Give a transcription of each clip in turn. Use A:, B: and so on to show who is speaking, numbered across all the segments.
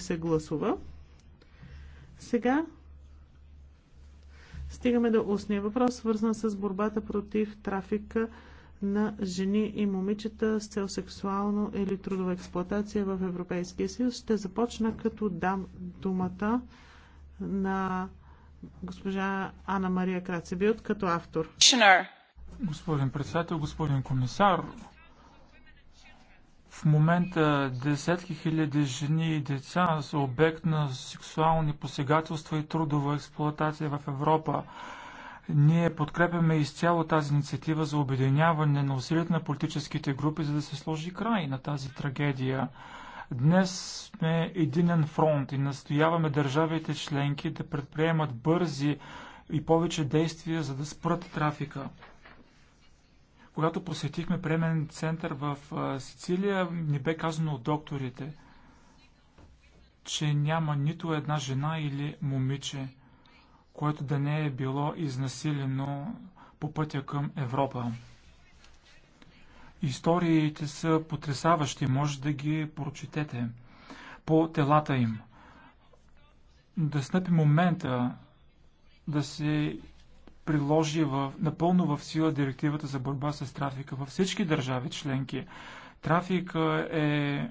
A: се гласува. Сега стигаме до устния въпрос, свързан с борбата против трафика на жени и момичета с цел сексуално или трудова експлоатация в Европейския съюз. Ще започна като дам думата на госпожа Анна Мария Крацебилт като автор.
B: Господин председател, господин комисар, в момента десетки хиляди жени и деца са обект на сексуални посегателства и трудова експлоатация в Европа. Ние подкрепяме изцяло тази инициатива за обединяване на усилията на политическите групи, за да се сложи край на тази трагедия. Днес сме единен фронт и настояваме държавите членки да предприемат бързи и повече действия, за да спрат трафика. Когато посетихме премен център в Сицилия, ни бе казано от докторите, че няма нито една жена или момиче, което да не е било изнасилено по пътя към Европа. Историите са потрясаващи, може да ги прочетете по телата им. Да стъпи момента да се приложи в, напълно в сила директивата за борба с трафика във всички държави членки. Трафика е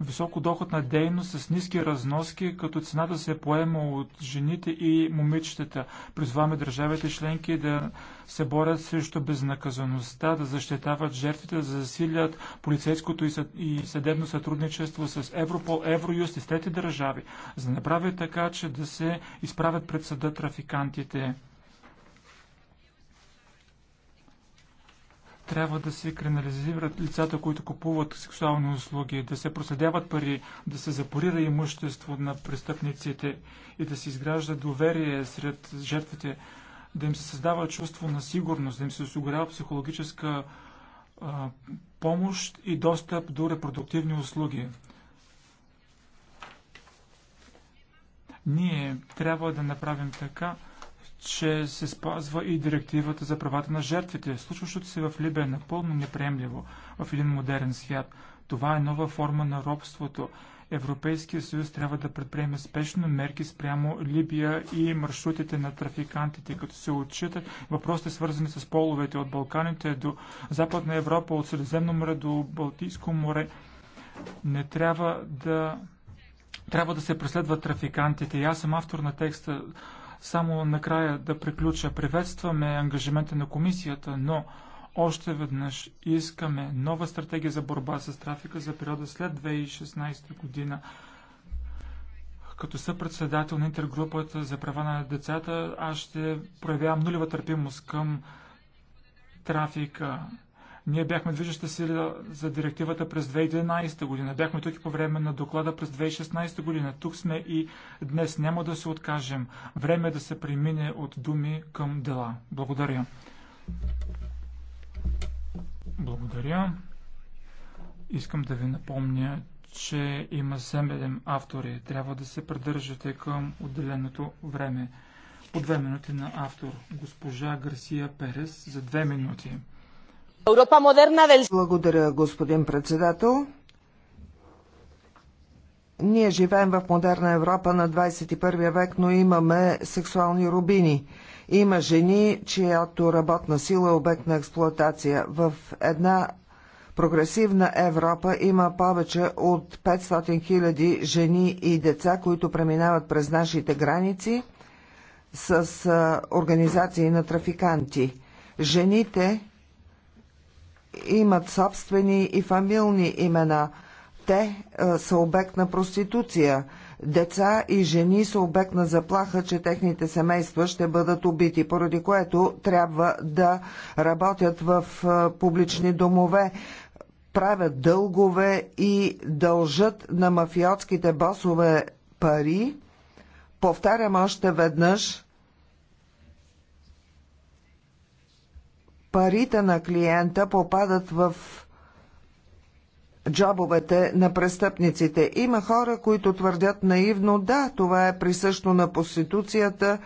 B: високодоходна дейност с ниски разноски, като цената се е поема от жените и момичетата. Призваме държавите членки да се борят срещу безнаказаността, да защитават жертвите, да засилят полицейското и съдебно сътрудничество с Европол, Евроюст и с трети държави, за да направят така, че да се изправят пред съда трафикантите. Трябва да се криминализират лицата, които купуват сексуални услуги, да се проследяват пари, да се запорира имущество на престъпниците и да се изгражда доверие сред жертвите, да им се създава чувство на сигурност, да им се осигурява психологическа а, помощ и достъп до репродуктивни услуги. Ние трябва да направим така, че се спазва и директивата за правата на жертвите. Случващото се в Либия е напълно неприемливо в един модерен свят. Това е нова форма на робството. Европейския съюз трябва да предприеме спешно мерки спрямо Либия и маршрутите на трафикантите, като се отчитат въпросите свързани с половете от Балканите до Западна Европа, от Средиземно море до Балтийско море. Не трябва да трябва да се преследват трафикантите. И аз съм автор на текста само накрая да приключа. Приветстваме ангажимента на комисията, но още веднъж искаме нова стратегия за борба с трафика за периода след 2016 година. Като съпредседател на интергрупата за права на децата, аз ще проявявам нулева търпимост към трафика. Ние бяхме движеща сила за директивата през 2011 година. Бяхме тук и по време на доклада през 2016 година. Тук сме и днес. Няма да се откажем. Време е да се премине от думи към дела. Благодаря. Благодаря. Искам да ви напомня, че има 7 автори. Трябва да се придържате към отделеното време. По две минути на автор. Госпожа Гарсия Перес за две минути.
C: Европа модерна дел... Благодаря, господин председател. Ние живеем в модерна Европа на 21 век, но имаме сексуални рубини. Има жени, чиято работна сила е обект на експлоатация. В една прогресивна Европа има повече от 500 хиляди жени и деца, които преминават през нашите граници с организации на трафиканти. Жените имат собствени и фамилни имена. Те а, е, са обект на проституция. Деца и жени са обект на заплаха, че техните семейства ще бъдат убити, поради което трябва да работят в а, е, публични домове правят дългове и дължат на мафиотските босове пари. Повтарям още веднъж, парите на клиента попадат в джобовете на престъпниците. Има хора, които твърдят наивно, да, това е присъщо на проституцията,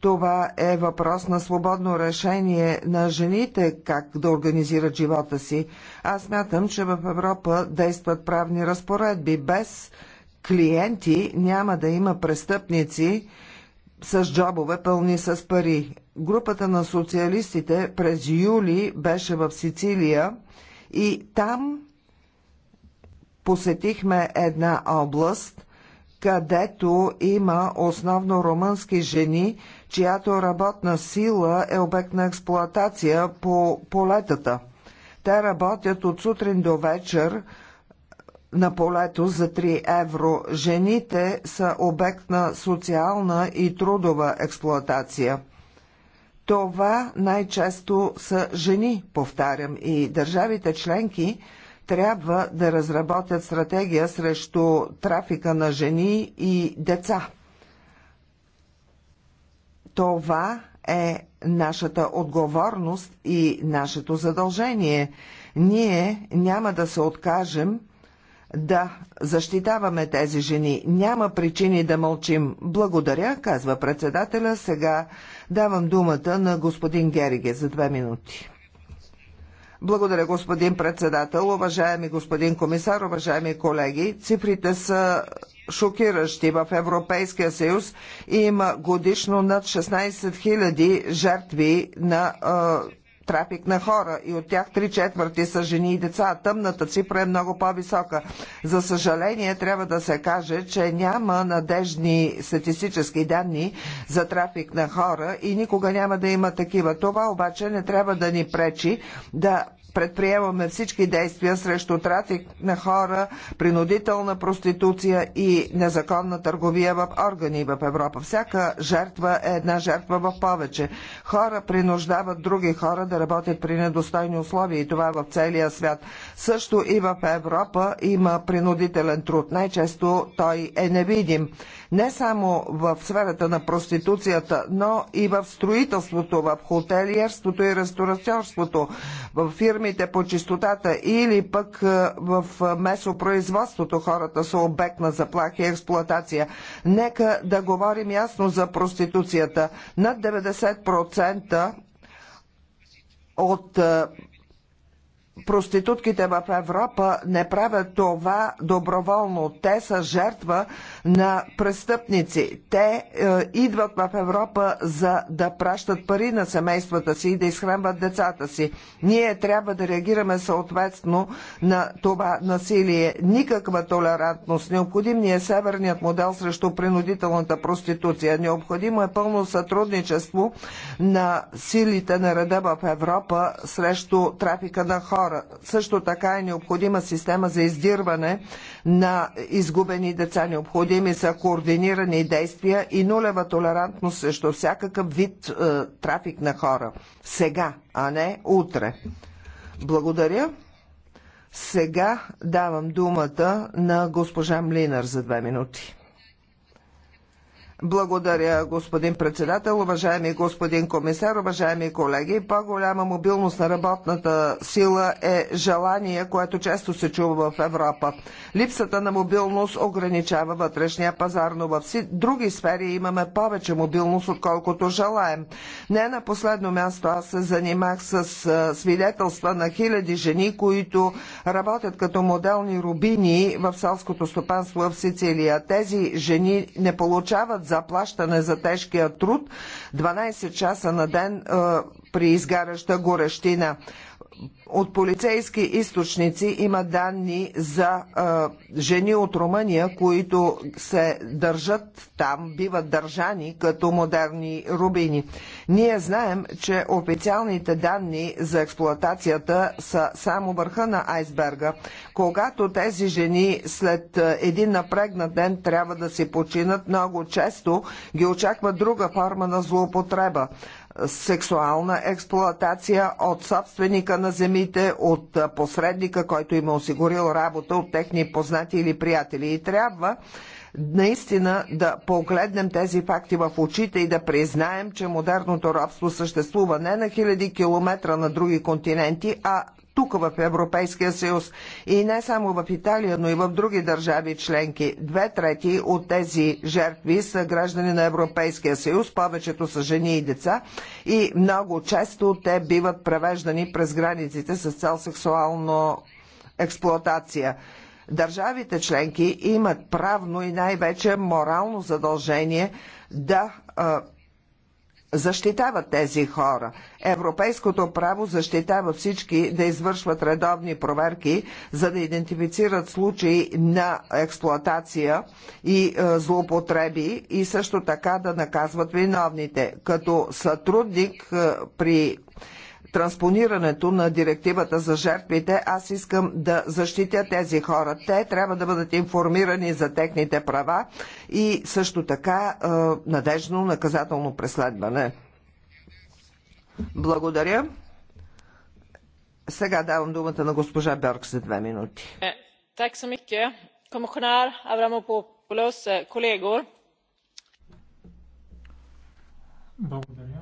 C: това е въпрос на свободно решение на жените как да организират живота си. Аз мятам, че в Европа действат правни разпоредби. Без клиенти няма да има престъпници с джобове пълни с пари групата на социалистите през юли беше в Сицилия и там посетихме една област, където има основно румънски жени, чиято работна сила е обект на експлоатация по полетата. Те работят от сутрин до вечер на полето за 3 евро. Жените са обект на социална и трудова експлоатация. Това най-често са жени, повтарям, и държавите членки трябва да разработят стратегия срещу трафика на жени и деца. Това е нашата отговорност и нашето задължение. Ние няма да се откажем да, защитаваме тези жени. Няма причини да мълчим. Благодаря, казва председателя. Сега давам думата на господин Гериге за две минути. Благодаря, господин председател, уважаеми господин комисар, уважаеми колеги. Цифрите са шокиращи. В Европейския съюз има годишно над 16 000 жертви на трафик на хора и от тях три четвърти са жени и деца. Тъмната цифра е много по-висока. За съжаление, трябва да се каже, че няма надежни статистически данни за трафик на хора и никога няма да има такива. Това обаче не трябва да ни пречи да предприемаме всички действия срещу трафик на хора, принудителна проституция и незаконна търговия в органи в Европа. Всяка жертва е една жертва в повече. Хора принуждават други хора да работят при недостойни условия и това в целия свят. Също и в Европа има принудителен труд. Най-често той е невидим не само в сферата на проституцията, но и в строителството, в хотелиерството и ресторациорството, в фирмите по чистотата или пък е, в е, месопроизводството хората са обект на заплахи и експлоатация. Нека да говорим ясно за проституцията. Над 90% от е, проститутките в Европа не правят това доброволно. Те са жертва на престъпници. Те е, идват в Европа за да пращат пари на семействата си и да изхранват децата си. Ние трябва да реагираме съответно на това насилие. Никаква толерантност. Необходим ни е северният модел срещу принудителната проституция. Необходимо е пълно сътрудничество на силите на реда в Европа срещу трафика на хора. Също така е необходима система за издирване на изгубени деца. Необходими са координирани действия и нулева толерантност срещу всякакъв вид е, трафик на хора. Сега, а не утре. Благодаря. Сега давам думата на госпожа Млинар за две минути. Благодаря, господин председател, уважаеми господин комисар, уважаеми колеги. По-голяма мобилност на работната сила е желание, което често се чува в Европа. Липсата на мобилност ограничава вътрешния пазар, но в други сфери имаме повече мобилност, отколкото желаем. Не на последно място аз се занимах с свидетелства на хиляди жени, които работят като моделни рубини в селското стопанство в Сицилия. Тези жени не получават заплащане за тежкия труд 12 часа на ден е, при изгаряща горещина от полицейски източници има данни за а, жени от Румъния, които се държат там, биват държани като модерни рубини. Ние знаем, че официалните данни за експлоатацията са само върха на айсберга. Когато тези жени след един напрегнат ден трябва да си починат, много често ги очаква друга форма на злоупотреба сексуална експлоатация от собственика на земите, от посредника, който им е осигурил работа, от техни познати или приятели. И трябва наистина да погледнем тези факти в очите и да признаем, че модерното робство съществува не на хиляди километра на други континенти, а тук в Европейския съюз и не само в Италия, но и в други държави членки. Две трети от тези жертви са граждани на Европейския съюз, повечето са жени и деца и много често те биват превеждани през границите с цел сексуално експлоатация. Държавите членки имат правно и най-вече морално задължение да защитават тези хора. Европейското право защитава всички да извършват редовни проверки, за да идентифицират случаи на експлоатация и а, злоупотреби и също така да наказват виновните. Като сътрудник а, при транспонирането на директивата за жертвите, аз искам да защитя тези хора. Те трябва да бъдат информирани за техните права и също така е, надежно наказателно преследване. Благодаря. Сега давам думата на госпожа Бьорк за две минути.
A: Е, так så е, Колего. Благодаря.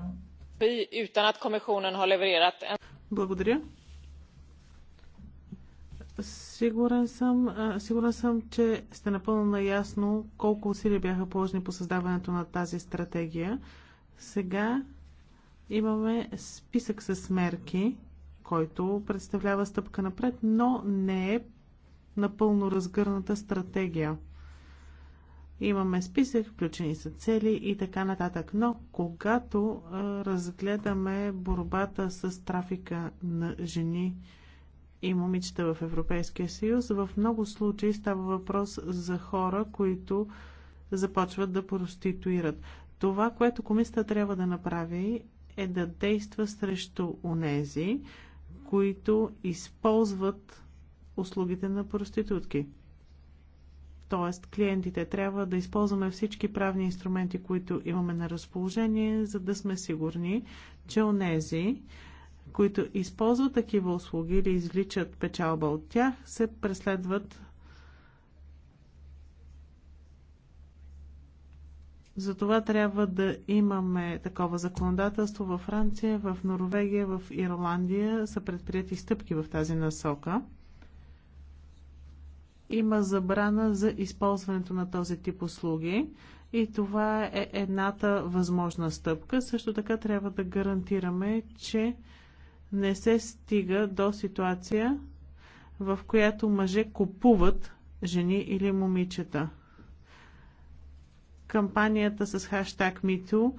A: Благодаря. Сигурен съм, сигурен съм, че сте напълно наясно колко усилия бяха положени по създаването на тази стратегия. Сега имаме списък с мерки, който представлява стъпка напред, но не е напълно разгърната стратегия. Имаме списък, включени са цели и така нататък. Но когато разгледаме борбата с трафика на жени и момичета в Европейския съюз, в много случаи става въпрос за хора, които започват да проституират. Това, което комисията трябва да направи, е да действа срещу онези, които използват услугите на проститутки. Т.е. клиентите трябва да използваме всички правни инструменти, които имаме на разположение, за да сме сигурни, че онези, които използват такива услуги или извличат печалба от тях, се преследват Затова трябва да имаме такова законодателство във Франция, в Норвегия, в Ирландия са предприяти стъпки в тази насока има забрана за използването на този тип услуги и това е едната възможна стъпка. Също така трябва да гарантираме, че не се стига до ситуация, в която мъже купуват жени или момичета. Кампанията с хаштаг MeToo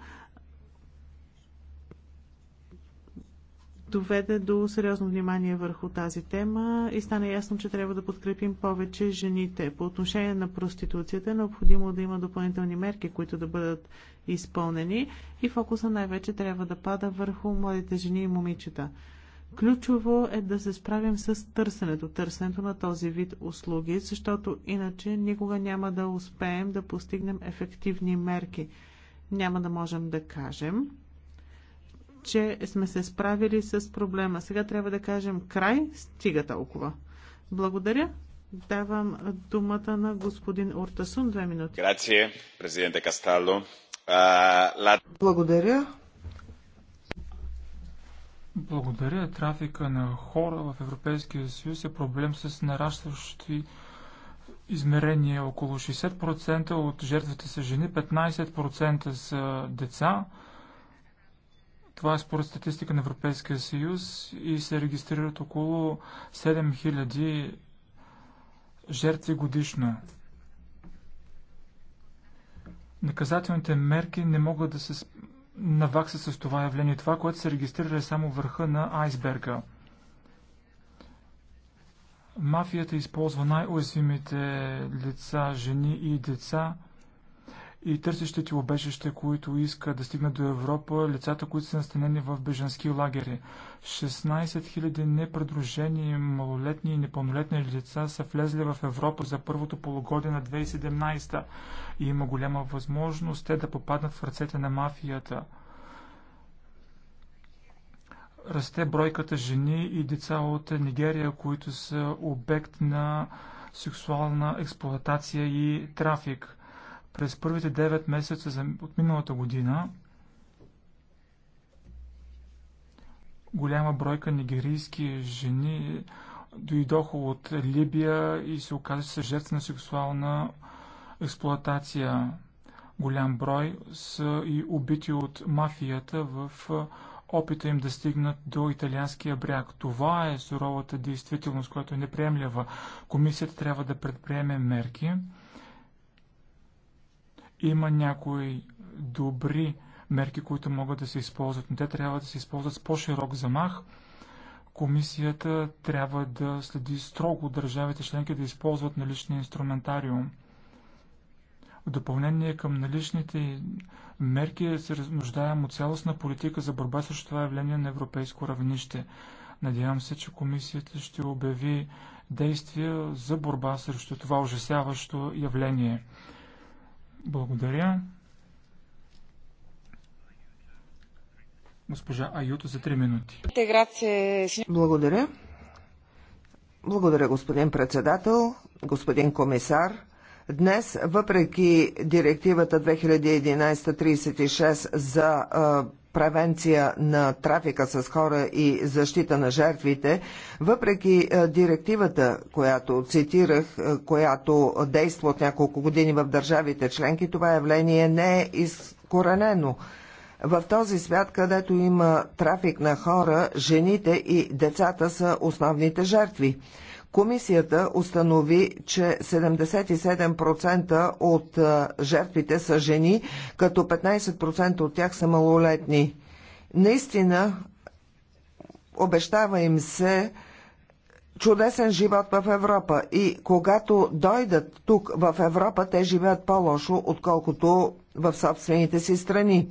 A: доведе до сериозно внимание върху тази тема и стана ясно, че трябва да подкрепим повече жените. По отношение на проституцията е необходимо да има допълнителни мерки, които да бъдат изпълнени и фокуса най-вече трябва да пада върху младите жени и момичета. Ключово е да се справим с търсенето, търсенето на този вид услуги, защото иначе никога няма да успеем да постигнем ефективни мерки. Няма да можем да кажем, че сме се справили с проблема. Сега трябва да кажем край, стига толкова. Благодаря. Давам думата на господин Ортасун. Две минути. Грация, президенте Кастало.
B: Благодаря. Благодаря. Трафика на хора в Европейския съюз е проблем с нарастващи измерения. Около 60% от жертвите са жени, 15% са деца. Това е според статистика на Европейския съюз и се регистрират около 7000 жертви годишно. Наказателните мерки не могат да се наваксат с това явление. Това, което се регистрира е само върха на айсберга. Мафията използва най-уязвимите лица, жени и деца – и търсещите обежище, които искат да стигнат до Европа, лицата, които са настанени в беженски лагери. 16 000 непредружени малолетни и непълнолетни лица са влезли в Европа за първото полугодие на 2017 и има голяма възможност те да попаднат в ръцете на мафията. Расте бройката жени и деца от Нигерия, които са обект на сексуална експлоатация и трафик през първите 9 месеца от миналата година голяма бройка нигерийски жени дойдоха от Либия и се оказа, че са жертва на сексуална експлоатация. Голям брой са и убити от мафията в опита им да стигнат до италианския бряг. Това е суровата действителност, която е неприемлива. Комисията трябва да предприеме мерки, има някои добри мерки, които могат да се използват, но те трябва да се използват с по-широк замах. Комисията трябва да следи строго държавите членки да използват наличния инструментариум. В допълнение към наличните мерки се нуждаем от цялостна политика за борба срещу това явление на европейско равнище. Надявам се, че комисията ще обяви действия за борба срещу това ужасяващо явление. Благодаря. Госпожа Аюто за 3 минути.
C: Благодаря. Благодаря, господин председател, господин комисар. Днес, въпреки директивата 2011-36 за превенция на трафика с хора и защита на жертвите, въпреки е, директивата, която цитирах, е, която действа от няколко години в държавите членки, това явление не е изкоренено. В този свят, където има трафик на хора, жените и децата са основните жертви. Комисията установи, че 77% от жертвите са жени, като 15% от тях са малолетни. Наистина, обещава им се чудесен живот в Европа и когато дойдат тук в Европа, те живеят по-лошо, отколкото в собствените си страни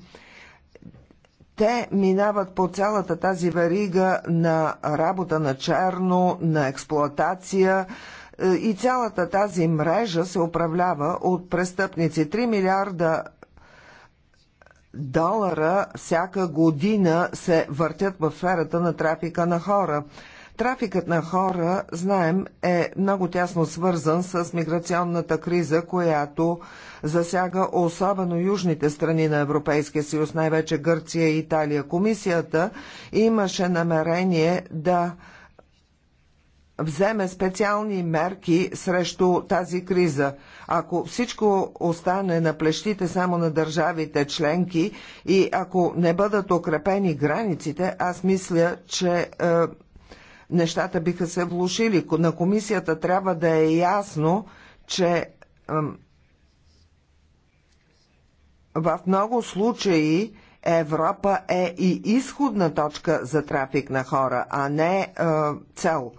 C: те минават по цялата тази варига на работа на черно, на експлоатация е, и цялата тази мрежа се управлява от престъпници. 3 милиарда долара всяка година се въртят в сферата на трафика на хора. Трафикът на хора, знаем, е много тясно свързан с миграционната криза, която засяга особено южните страни на Европейския съюз, най-вече Гърция и Италия. Комисията имаше намерение да вземе специални мерки срещу тази криза. Ако всичко остане на плещите само на държавите членки и ако не бъдат укрепени границите, аз мисля, че е, нещата биха се влушили. На комисията трябва да е ясно, че в много случаи Европа е и изходна точка за трафик на хора, а не цел.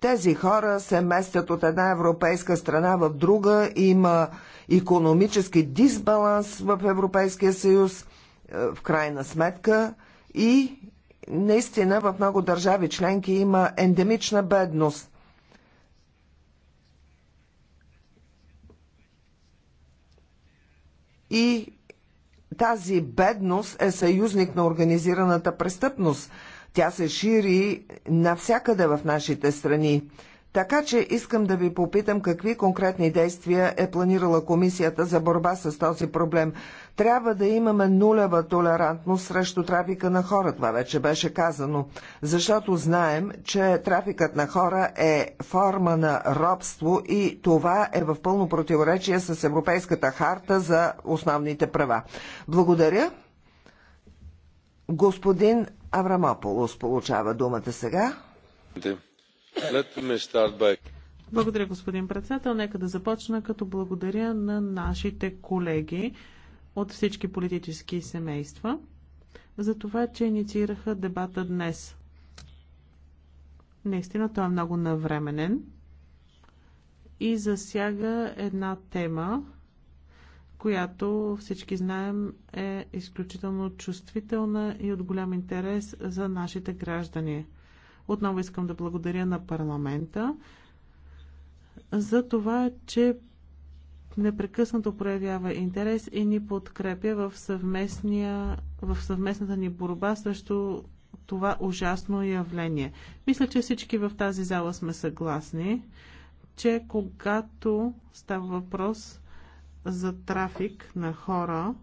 C: Тези хора се местят от една европейска страна в друга, има економически дисбаланс в Европейския съюз, е, в крайна сметка, и наистина в много държави членки има ендемична бедност. И тази бедност е съюзник на организираната престъпност – тя се шири навсякъде в нашите страни. Така че искам да ви попитам какви конкретни действия е планирала комисията за борба с този проблем. Трябва да имаме нулева толерантност срещу трафика на хора, това вече беше казано, защото знаем, че трафикът на хора е форма на робство и това е в пълно противоречие с Европейската харта за основните права. Благодаря. Господин Аврамополос получава думата сега.
A: Благодаря, господин председател. Нека да започна като благодаря на нашите колеги от всички политически семейства за това, че инициираха дебата днес. Наистина той е много навременен и засяга една тема, която всички знаем е изключително чувствителна и от голям интерес за нашите граждани. Отново искам да благодаря на парламента за това, че непрекъснато проявява интерес и ни подкрепя в, съвместния, в съвместната ни борба срещу това ужасно явление. Мисля, че всички в тази зала сме съгласни, че когато става въпрос за трафик на хора,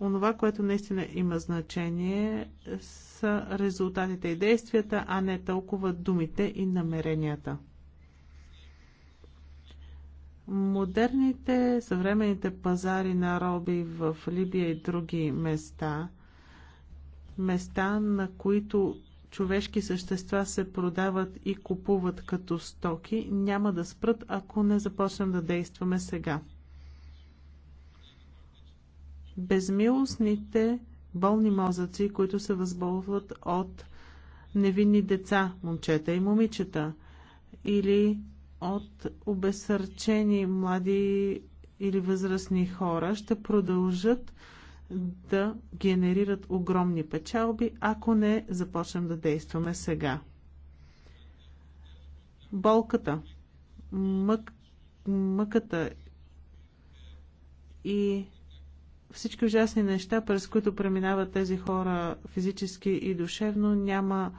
A: онова, което наистина има значение, са резултатите и действията, а не толкова думите и намеренията. Модерните, съвременните пазари на роби в Либия и други места, места, на които човешки същества се продават и купуват като стоки, няма да спрат, ако не започнем да действаме сега безмилостните болни мозъци, които се възболват от невинни деца, момчета и момичета, или от обесърчени млади или възрастни хора, ще продължат да генерират огромни печалби, ако не започнем да действаме сега. Болката, мък, мъката и всички ужасни неща, през които преминават тези хора физически и душевно, няма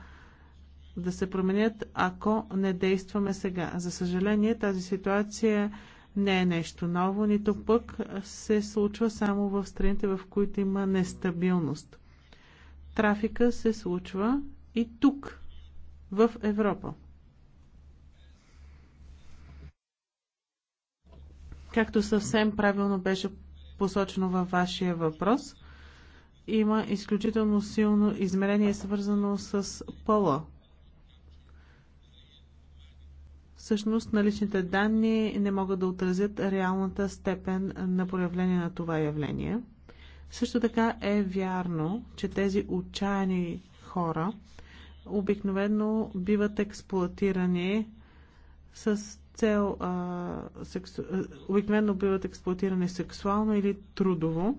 A: да се променят, ако не действаме сега. За съжаление, тази ситуация не е нещо ново, нито пък се случва само в страните, в които има нестабилност. Трафика се случва и тук, в Европа. Както съвсем правилно беше посочено във вашия въпрос, има изключително силно измерение, свързано с пола. Всъщност, наличните данни не могат да отразят реалната степен на проявление на това явление. Също така е вярно, че тези отчаяни хора обикновено биват експлуатирани с цел а, сексу... обикновено биват експлуатирани сексуално или трудово.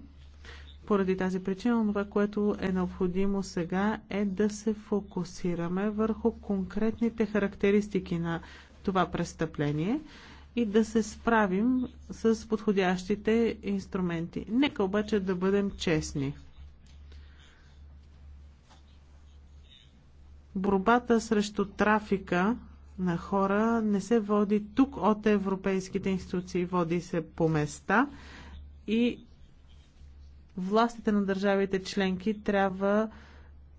A: Поради тази причина, това, което е необходимо сега е да се фокусираме върху конкретните характеристики на това престъпление и да се справим с подходящите инструменти. Нека обаче да бъдем честни. Борбата срещу трафика на хора не се води тук от европейските институции, води се по места и властите на държавите членки трябва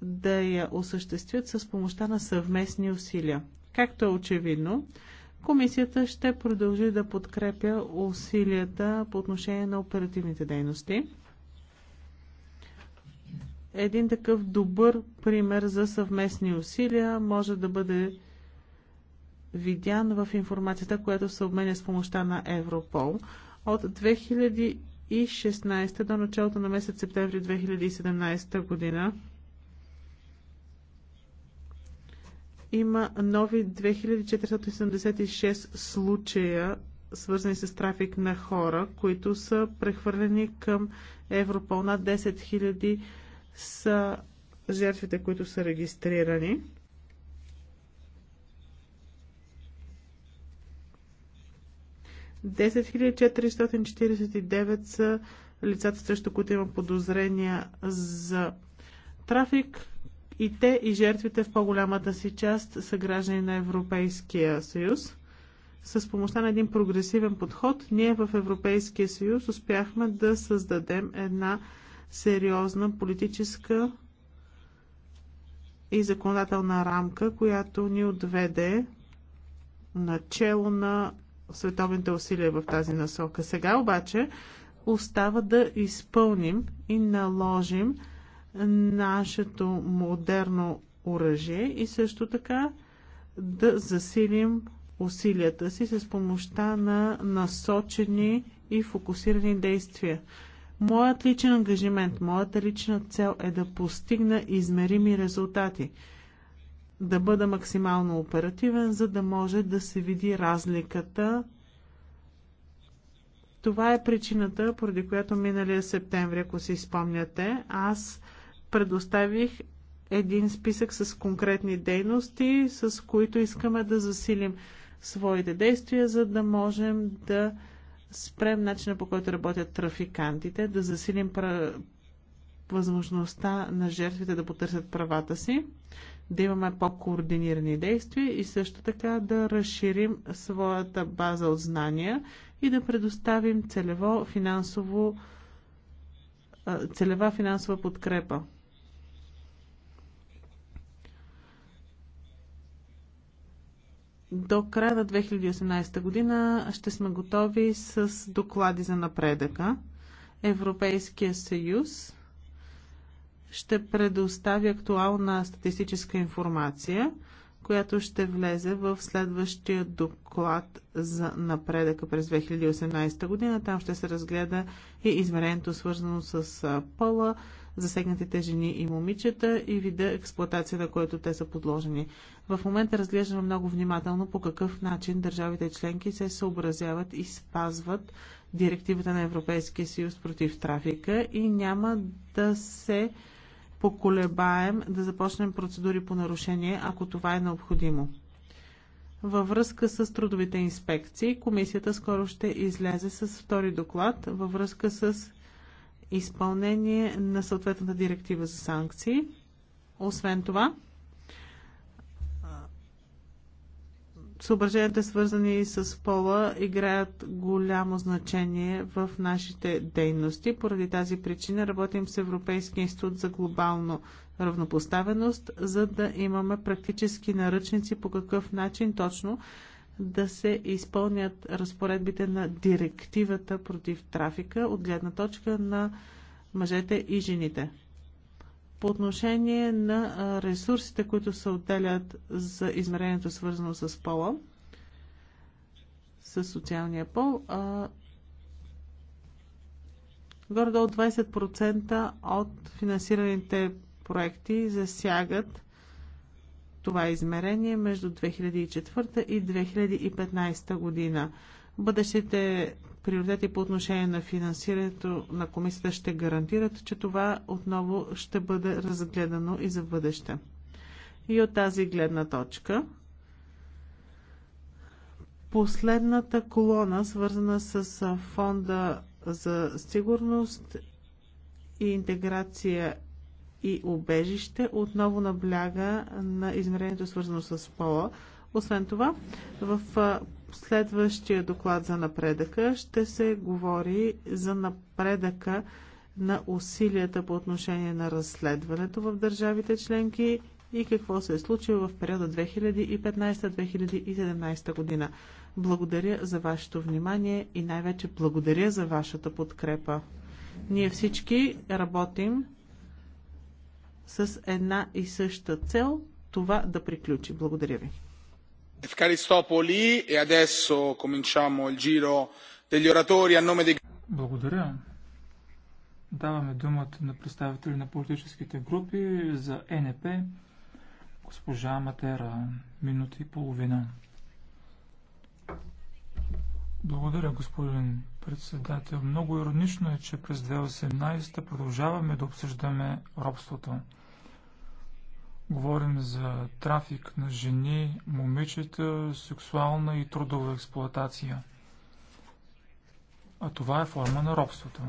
A: да я осъществят с помощта на съвместни усилия. Както е очевидно, Комисията ще продължи да подкрепя усилията по отношение на оперативните дейности. Един такъв добър пример за съвместни усилия може да бъде видян в информацията, която се обменя с помощта на Европол. От 2016 до началото на месец септември 2017 година има нови 2476 случая, свързани с трафик на хора, които са прехвърлени към Европол. Над 10 000 са жертвите, които са регистрирани. 10449 са лицата, срещу които има подозрения за трафик. И те и жертвите в по-голямата си част са граждани на Европейския съюз. С помощта на един прогресивен подход, ние в Европейския съюз успяхме да създадем една сериозна политическа и законодателна рамка, която ни отведе начало на световните усилия в тази насока. Сега обаче остава да изпълним и наложим нашето модерно оръжие и също така да засилим усилията си с помощта на насочени и фокусирани действия. Моят личен ангажимент, моята лична цел е да постигна измерими резултати – да бъда максимално оперативен, за да може да се види разликата. Това е причината, поради която миналия септември, ако си спомняте, аз предоставих един списък с конкретни дейности, с които искаме да засилим своите действия, за да можем да спрем начина по който работят трафикантите, да засилим възможността на жертвите да потърсят правата си да имаме по-координирани действия и също така да разширим своята база от знания и да предоставим целево финансово, целева финансова подкрепа. До края на 2018 година ще сме готови с доклади за напредъка. Европейския съюз ще предостави актуална статистическа информация, която ще влезе в следващия доклад за напредъка през 2018 година. Там ще се разгледа и измерението свързано с пола, засегнатите жени и момичета и вида експлуатация, на който те са подложени. В момента разглеждаме много внимателно по какъв начин държавите членки се съобразяват и спазват директивата на Европейския съюз против трафика и няма да се поколебаем да започнем процедури по нарушение, ако това е необходимо. Във връзка с трудовите инспекции, комисията скоро ще излезе с втори доклад във връзка с изпълнение на съответната директива за санкции. Освен това, Съображенията, свързани с пола, играят голямо значение в нашите дейности. Поради тази причина работим с Европейския институт за глобално равнопоставеност, за да имаме практически наръчници по какъв начин точно да се изпълнят разпоредбите на директивата против трафика от гледна точка на мъжете и жените по отношение на ресурсите, които се отделят за измерението свързано с пола, с социалния пол, горе-долу 20% от финансираните проекти засягат това измерение между 2004 и 2015 година. Бъдещите приоритети по отношение на финансирането на комисията ще гарантират, че това отново ще бъде разгледано и за бъдеще. И от тази гледна точка, последната колона, свързана с фонда за сигурност и интеграция и убежище, отново набляга на измерението свързано с пола. Освен това, в следващия доклад за напредъка ще се говори за напредъка на усилията по отношение на разследването в държавите членки и какво се е случило в периода 2015-2017 година. Благодаря за вашето внимание и най-вече благодаря за вашата подкрепа. Ние всички работим с една и съща цел това да приключи. Благодаря ви.
B: E Благодаря. Даваме думата на представители на политическите групи за НП. Госпожа Матера, минута и половина. Благодаря, господин председател. Много иронично е, че през 2018 продължаваме да обсъждаме робството. Говорим за трафик на жени, момичета, сексуална и трудова експлоатация. А това е форма на робството.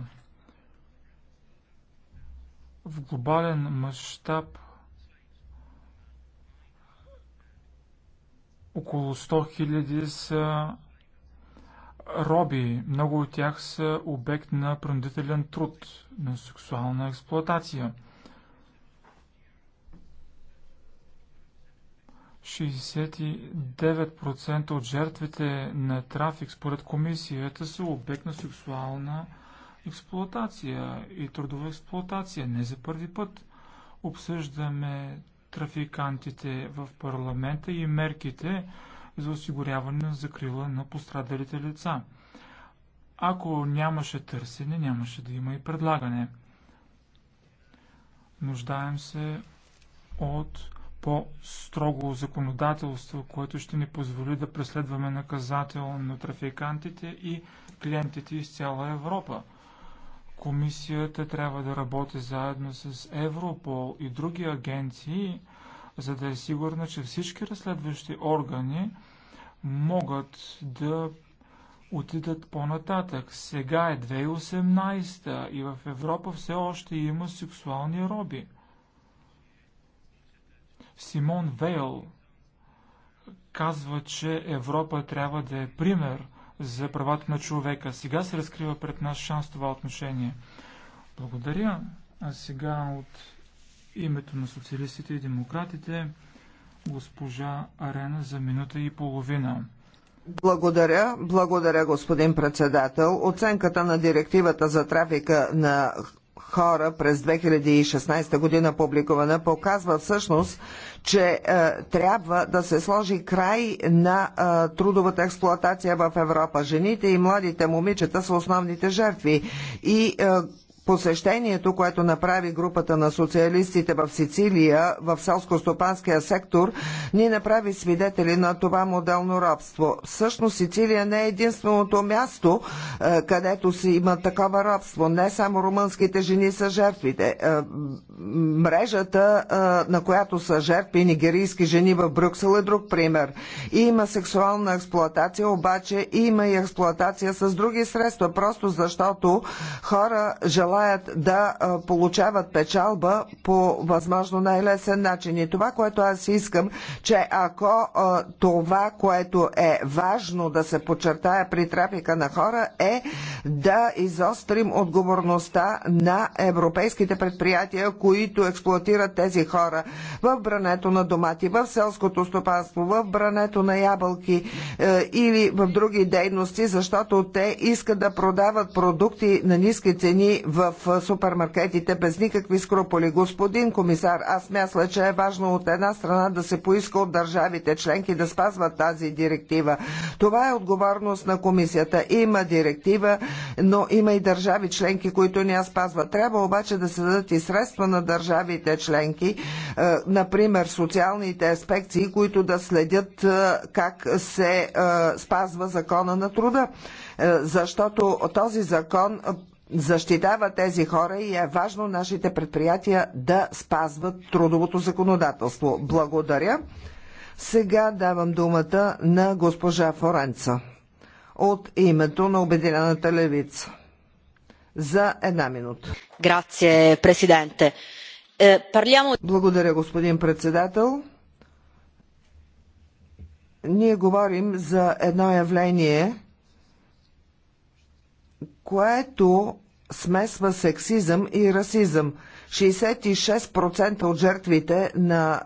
B: В глобален мащаб около 100 000 са роби. Много от тях са обект на принудителен труд, на сексуална експлоатация – 69% от жертвите на трафик според комисията са обект на сексуална експлоатация и трудова експлоатация. Не за първи път обсъждаме трафикантите в парламента и мерките за осигуряване на закрила на пострадалите лица. Ако нямаше търсене, нямаше да има и предлагане. Нуждаем се от по-строго законодателство, което ще ни позволи да преследваме наказателно трафикантите и клиентите из цяла Европа. Комисията трябва да работи заедно с Европол и други агенции, за да е сигурна, че всички разследващи органи могат да отидат по-нататък. Сега е 2018 и в Европа все още има сексуални роби. Симон Вейл казва, че Европа трябва да е пример за правата на човека. Сега се разкрива пред нас шанс това отношение. Благодаря. А сега от името на социалистите и демократите госпожа Арена за минута и половина.
C: Благодаря, благодаря господин председател. Оценката на директивата за трафика на хора през 2016 година публикувана показва всъщност, че е, трябва да се сложи край на е, трудовата експлоатация в Европа. Жените и младите момичета са основните жертви и е, посещението, което направи групата на социалистите в Сицилия, в селско-стопанския сектор, ни направи свидетели на това моделно робство. Всъщност Сицилия не е единственото място, е, където си има такова робство. Не само румънските жени са жертвите. Е, мрежата, е, на която са жертви нигерийски жени в Брюксел е друг пример. И има сексуална експлоатация, обаче има и експлоатация с други средства, просто защото хора желаят желаят да получават печалба по възможно най-лесен начин. И това, което аз искам, че ако това, което е важно да се подчертая при трафика на хора, е да изострим отговорността на европейските предприятия, които експлуатират тези хора в брането на домати, в селското стопанство, в брането на ябълки е, или в други дейности, защото те искат да продават продукти на ниски цени в в супермаркетите без никакви скруполи. Господин комисар, аз мисля, че е важно от една страна да се поиска от държавите членки да спазват тази директива. Това е отговорност на комисията. Има директива, но има и държави членки, които не я спазват. Трябва обаче да се дадат и средства на държавите членки, например социалните аспекции, които да следят как се спазва закона на труда защото този закон защитава тези хора и е важно нашите предприятия да спазват трудовото законодателство. Благодаря. Сега давам думата на госпожа Форенца от името на Обединената левица за една минута. Грация, президенте. Е, Благодаря, господин председател. Ние говорим за едно явление, което смесва сексизъм и расизъм. 66% от жертвите на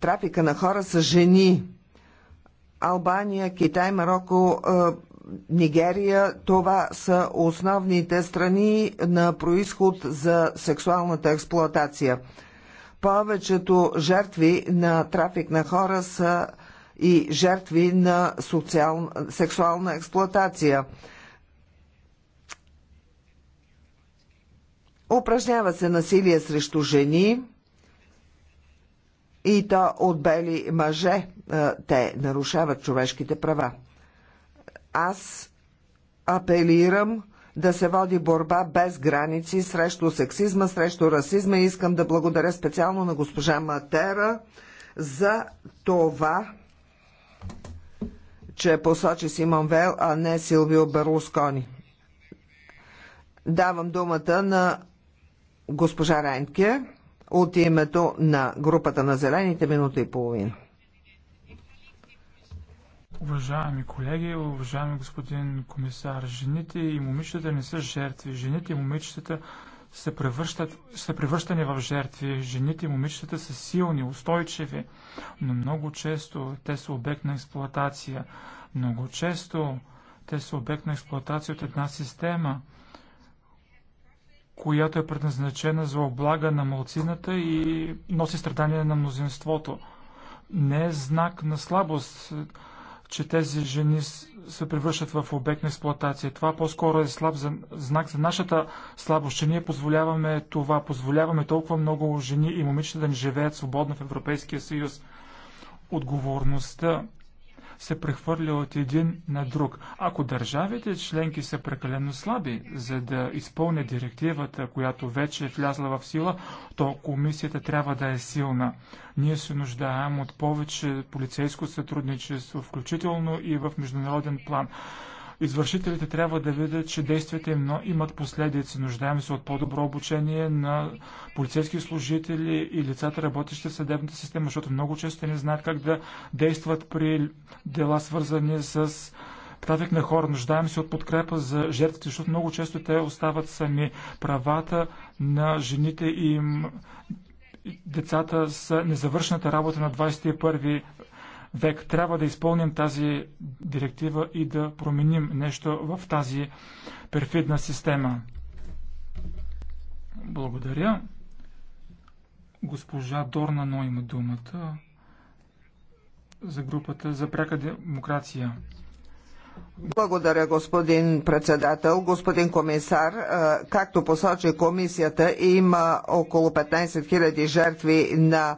C: трафика на хора са жени. Албания, Китай, Марокко, е, Нигерия, това са основните страни на происход за сексуалната експлоатация. Повечето жертви на трафик на хора са и жертви на социал... сексуална експлоатация. Упражнява се насилие срещу жени и то от бели мъже. Те нарушават човешките права. Аз апелирам да се води борба без граници срещу сексизма, срещу расизма и искам да благодаря специално на госпожа Матера за това, че посочи Симон Вел, а не Силвио Берлускони. Давам думата на госпожа Рентке от името на групата на Зелените минута и половина.
B: Уважаеми колеги, уважаеми господин комисар, жените и момичетата не са жертви. Жените и момичетата се превръщат, са превръщани в жертви. Жените и момичетата са силни, устойчиви, но много често те са обект на експлоатация. Много често те са обект на експлоатация от една система – която е предназначена за облага на малцината и носи страдания на мнозинството. Не е знак на слабост, че тези жени се превръщат в обект на експлоатация. Това по-скоро е слаб за, знак за нашата слабост, че ние позволяваме това, позволяваме толкова много жени и момичета да не живеят свободно в Европейския съюз. Отговорността се прехвърля от един на друг. Ако държавите членки са прекалено слаби, за да изпълнят директивата, която вече е влязла в сила, то комисията трябва да е силна. Ние се нуждаем от повече полицейско сътрудничество, включително и в международен план. Извършителите трябва да видят, че действията им имат последици. Нуждаем се от по-добро обучение на полицейски служители и лицата, работещи в съдебната система, защото много често не знаят как да действат при дела, свързани с трафик на хора. Нуждаем се от подкрепа за жертвите, защото много често те остават сами. Правата на жените и децата с незавършната работа на 21 век. Трябва да изпълним тази директива и да променим нещо в тази перфидна система. Благодаря. Госпожа Дорнано има думата за групата за пряка демокрация.
C: Благодаря, господин председател. Господин комисар, както посочи комисията, има около 15 000 жертви на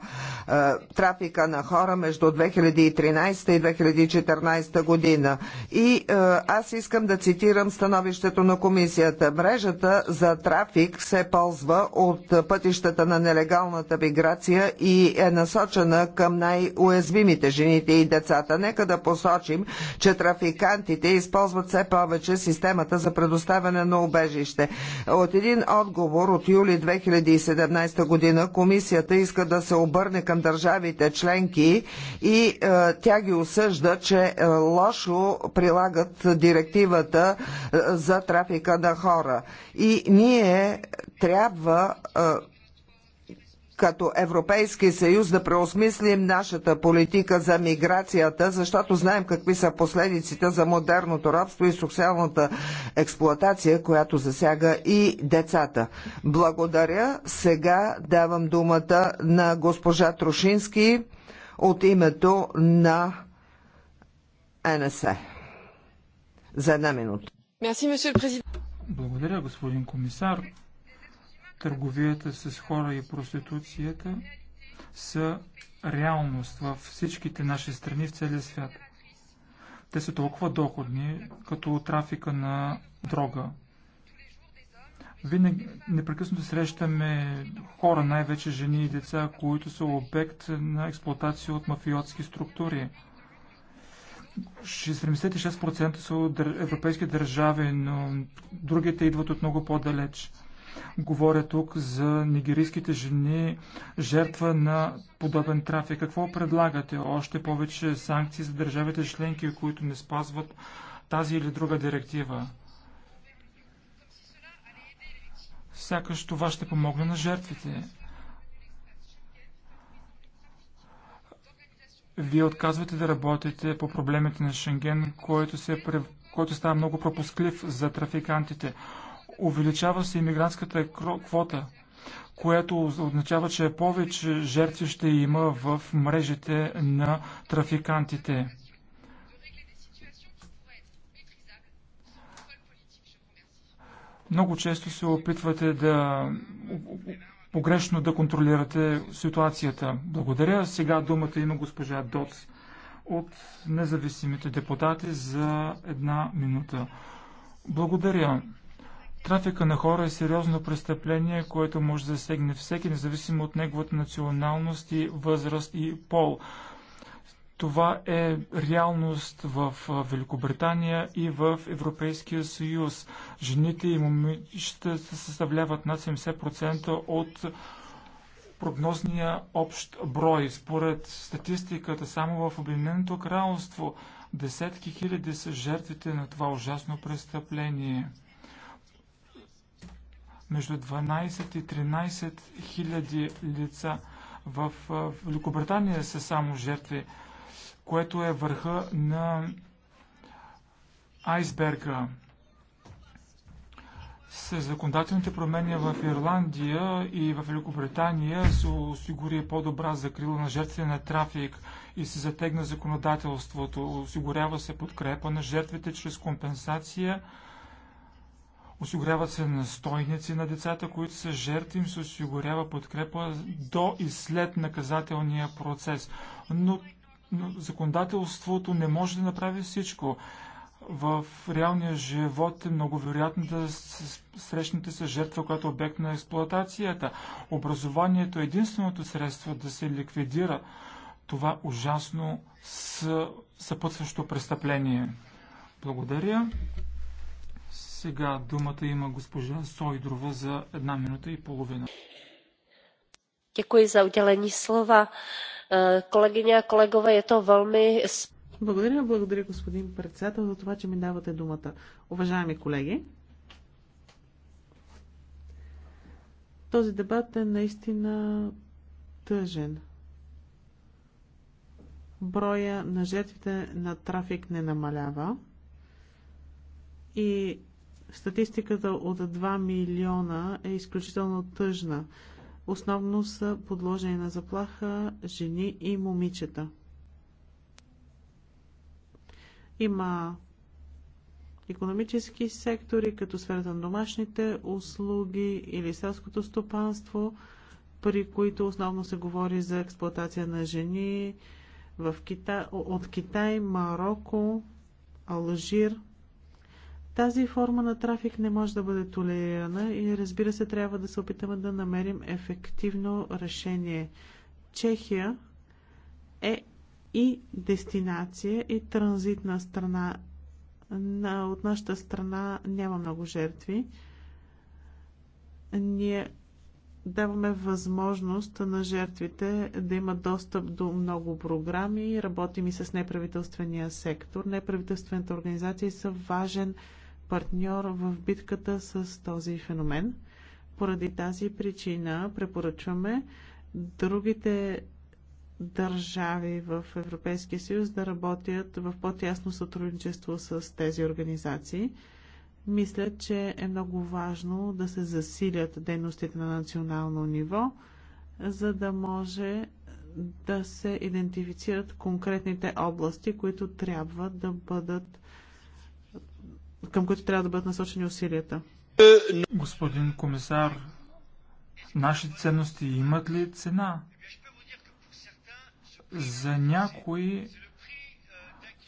C: трафика на хора между 2013 и 2014 година. И аз искам да цитирам становището на комисията. Мрежата за трафик се ползва от пътищата на нелегалната миграция и е насочена към най-уязвимите жените и децата. Нека да посочим, че трафикантите използват все повече системата за предоставяне на обежище. От един отговор от юли 2017 година комисията иска да се обърне към държавите членки и е, тя ги осъжда, че е, лошо прилагат директивата е, за трафика на хора. И ние трябва е, като Европейски съюз да преосмислим нашата политика за миграцията, защото знаем какви са последиците за модерното рабство и социалната експлоатация, която засяга и децата. Благодаря. Сега давам думата на госпожа Трушински от името на НСЕ. За една минута.
B: Благодаря, господин комисар търговията с хора и проституцията са реалност във всичките наши страни в целия свят. Те са толкова доходни, като трафика на дрога. Винаги непрекъснато срещаме хора, най-вече жени и деца, които са обект на експлуатация от мафиотски структури. 76% са от европейски държави, но другите идват от много по-далеч. Говоря тук за нигерийските жени, жертва на подобен трафик. Какво предлагате? Още повече санкции за държавите членки, които не спазват тази или друга директива. Сякаш това ще помогне на жертвите. Вие отказвате да работите по проблемите на Шенген, който, се, който става много пропусклив за трафикантите. Увеличава се иммигрантската квота, което означава, че повече жертви ще има в мрежите на трафикантите. Много често се опитвате да погрешно да контролирате ситуацията. Благодаря. Сега думата има госпожа Доц от независимите депутати за една минута. Благодаря. Трафика на хора е сериозно престъпление, което може да засегне всеки, независимо от неговата националност и възраст и пол. Това е реалност в Великобритания и в Европейския съюз. Жените и момичета съставляват над 70% от прогнозния общ брой. Според статистиката, само в Обединеното кралство десетки хиляди са жертвите на това ужасно престъпление между 12 и 13 хиляди лица в Великобритания са само жертви, което е върха на айсберга. С законодателните промени в Ирландия и в Великобритания се осигури по-добра закрила на жертвите на трафик и се затегна законодателството. Осигурява се подкрепа на жертвите чрез компенсация Осигуряват се настойници на децата, които са жертви, им се осигурява подкрепа до и след наказателния процес. Но, но законодателството не може да направи всичко. В реалния живот е много вероятно да срещнете с жертва, която е обект на експлоатацията. Образованието е единственото средство да се ликвидира това ужасно съпътстващо престъпление. Благодаря. Сега думата има госпожа Сойдрова за една минута и половина.
A: Děkuji za udělení slova. Е, Kolegyně a kolegové, je to velmi... Благодаря, благодаря господин председател за това, че ми давате думата. Уважаеми колеги, този дебат е наистина тъжен. Броя на жертвите на трафик не намалява и Статистиката от 2 милиона е изключително тъжна. Основно са подложени на заплаха жени и момичета. Има економически сектори, като сферата на домашните услуги или селското стопанство, при които основно се говори за експлоатация на жени в Кита... от Китай, Марокко, Алжир – тази форма на трафик не може да бъде толерирана и разбира се трябва да се опитаме да намерим ефективно решение. Чехия е и дестинация, и транзитна страна. От нашата страна няма много жертви. Ние даваме възможност на жертвите да имат достъп до много програми. Работим и с неправителствения сектор. Неправителствените организации са важен партньор в битката с този феномен. Поради тази причина препоръчваме другите държави в Европейския съюз да работят в по-тясно сътрудничество с тези организации. Мисля, че е много важно да се засилят дейностите на национално ниво, за да може да се идентифицират конкретните области, които трябва да бъдат към
B: които трябва да бъдат насочени усилията. Господин комисар, нашите ценности имат ли цена? За някои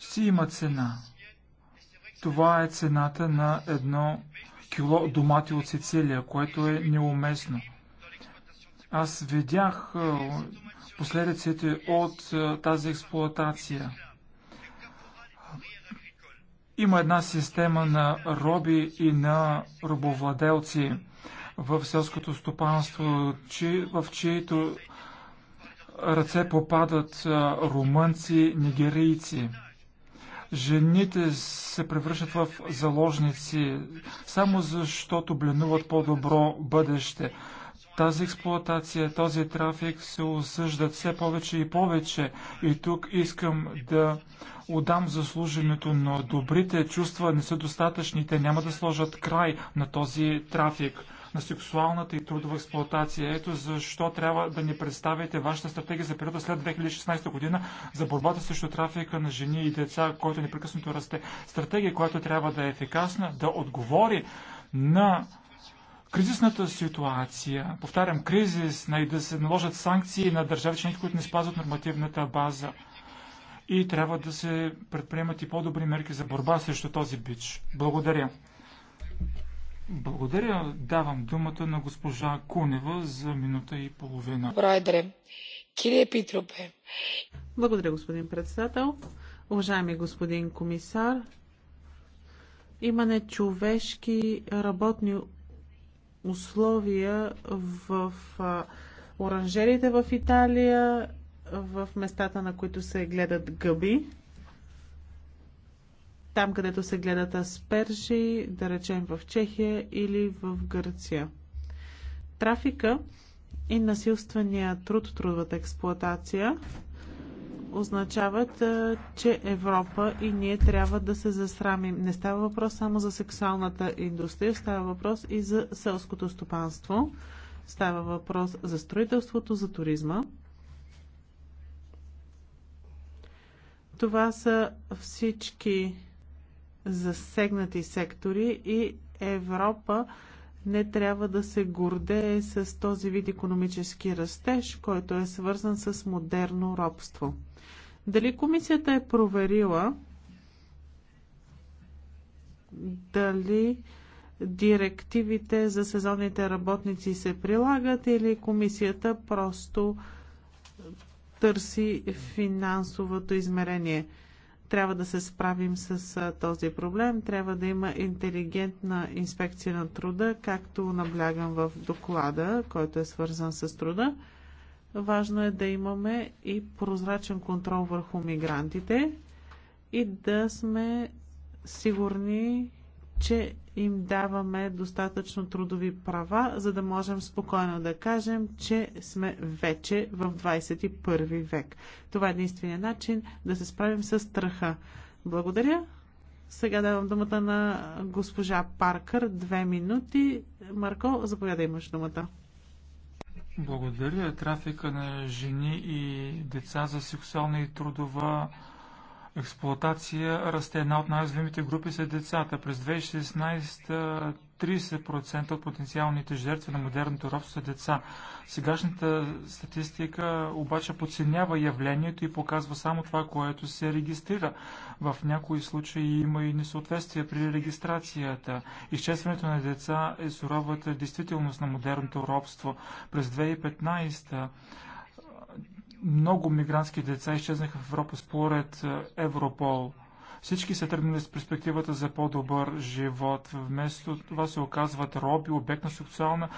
B: си има цена. Това е цената на едно кило домати от Сицилия, което е неуместно. Аз видях последиците от тази експлуатация. Има една система на роби и на робовладелци в селското стопанство, чи, в чието ръце попадат румънци, нигерийци. Жените се превръщат в заложници, само защото бленуват по-добро бъдеще. Тази експлоатация, този трафик се осъждат все повече и повече. И тук искам да отдам заслуженето, но добрите чувства не са достатъчни. Те няма да сложат край на този трафик на сексуалната и трудова експлоатация. Ето защо трябва да ни представите вашата стратегия за периода след 2016 година за борбата срещу трафика на жени и деца, който непрекъснато расте. Стратегия, която трябва да е ефикасна, да отговори на кризисната ситуация, повтарям, кризис, и да се наложат санкции на държави членки, които не спазват нормативната база. И трябва да се предприемат и по-добри мерки за борба срещу този бич. Благодаря. Благодаря. Давам думата на госпожа Кунева за минута и половина.
A: Питропе. Благодаря, господин председател. Уважаеми господин комисар, има нечовешки работни условия в оранжерите в Италия, в местата, на които се гледат гъби, там, където се гледат аспержи, да речем в Чехия или в Гърция. Трафика и насилствения труд, трудовата експлоатация означават, че Европа и ние трябва да се засрамим. Не става въпрос само за сексуалната индустрия, става въпрос и за селското стопанство, става въпрос за строителството, за туризма. Това са всички засегнати сектори и Европа не трябва да се гордее с този вид економически растеж, който е свързан с модерно робство. Дали комисията е проверила дали директивите за сезонните работници се прилагат или комисията просто търси финансовото измерение. Трябва да се справим с този проблем, трябва да има интелигентна инспекция на труда, както наблягам в доклада, който е свързан с труда. Важно е да имаме и прозрачен контрол върху мигрантите и да сме сигурни, че им даваме достатъчно трудови права, за да можем спокойно да кажем, че сме вече в 21 век. Това е единствения начин да се справим с страха. Благодаря. Сега давам думата на госпожа Паркър. Две минути. Марко, заповядай имаш думата.
B: Благодаря. Трафика на жени и деца за сексуална и трудова експлоатация расте. Една от най-звемите групи са децата. През 2016 30% от потенциалните жертви на модерното робство са деца. Сегашната статистика обаче подценява явлението и показва само това, което се регистрира. В някои случаи има и несъответствие при регистрацията. Изчезването на деца е суровата действителност на модерното робство. През 2015 много мигрантски деца изчезнаха в Европа според е, Европол. Всички са тръгнали с перспективата за по-добър живот. Вместо това се оказват роби, обект на сексуална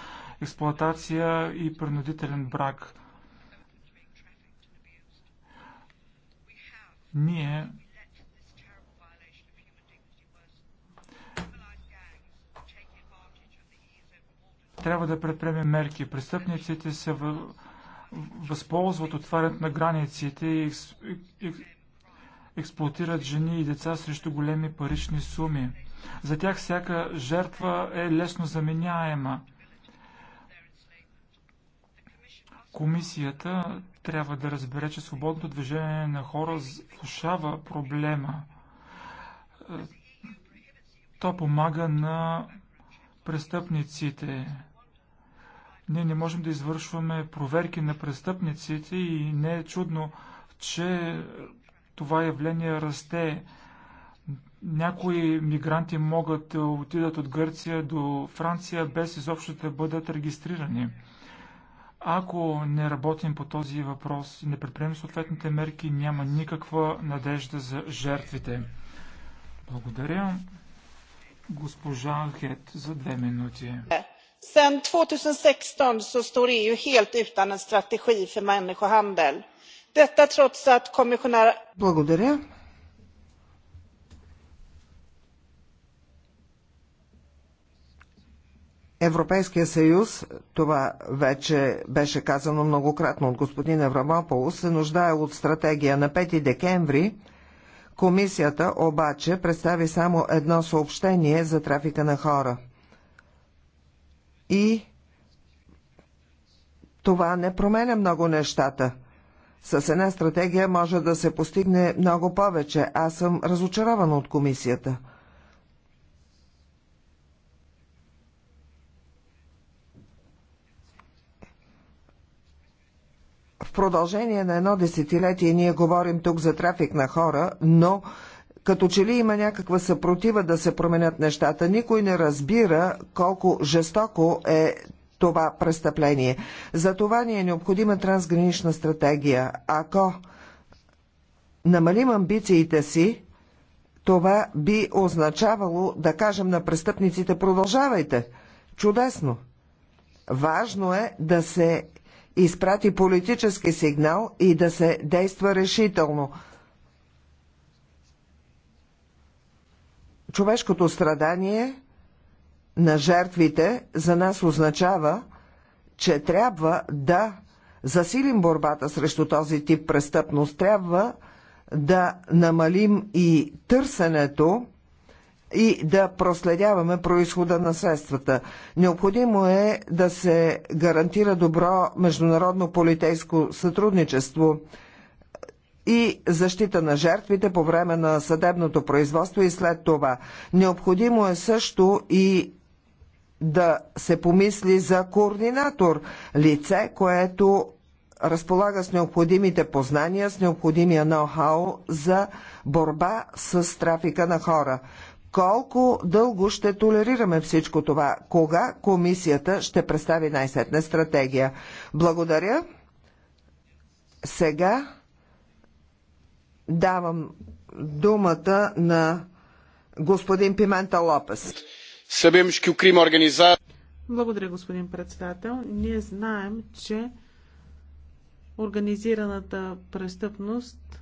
B: експлоатация и принудителен брак. Ние трябва да предприемем мерки. Престъпниците се възползват отварят на границите и експлуатират жени и деца срещу големи парични суми. За тях всяка жертва е лесно заменяема. Комисията трябва да разбере, че свободното движение на хора влушава проблема. То помага на престъпниците. Ние не можем да извършваме проверки на престъпниците и не е чудно, че това явление расте. Някои мигранти могат да отидат от Гърция до Франция без изобщо да бъдат регистрирани. Ако не работим по този въпрос и не предприемем съответните мерки, няма никаква надежда за жертвите. Благодаря. Госпожа Хет за две минути.
A: Sedan 2016 så står EU helt utan en strategi för människohandel. Detta trots att kommissionär...
C: Благодаря. Европейския съюз, това вече беше казано многократно от господин Еврамопол, се нуждае от стратегия на 5 декември. Комисията обаче представи само едно съобщение за трафика на хора. И това не променя много нещата – с една стратегия може да се постигне много повече. Аз съм разочарован от комисията. В продължение на едно десетилетие ние говорим тук за трафик на хора, но като че ли има някаква съпротива да се променят нещата. Никой не разбира колко жестоко е това престъпление. За това ни е необходима трансгранична стратегия. Ако намалим амбициите си, това би означавало да кажем на престъпниците продължавайте. Чудесно! Важно е да се изпрати политически сигнал и да се действа решително. Човешкото страдание на жертвите за нас означава, че трябва да засилим борбата срещу този тип престъпност. Трябва да намалим и търсенето и да проследяваме происхода на средствата. Необходимо е да се гарантира добро международно полицейско сътрудничество и защита на жертвите по време на съдебното производство и след това. Необходимо е също и да се помисли за координатор, лице, което разполага с необходимите познания, с необходимия ноу-хау за борба с трафика на хора. Колко дълго ще толерираме всичко това? Кога комисията ще представи най сетна стратегия? Благодаря. Сега давам думата на господин Пимента Лопес.
A: Sabemos que o crime organizado. Благодаря, господин председател. Ние знаем, че организираната престъпност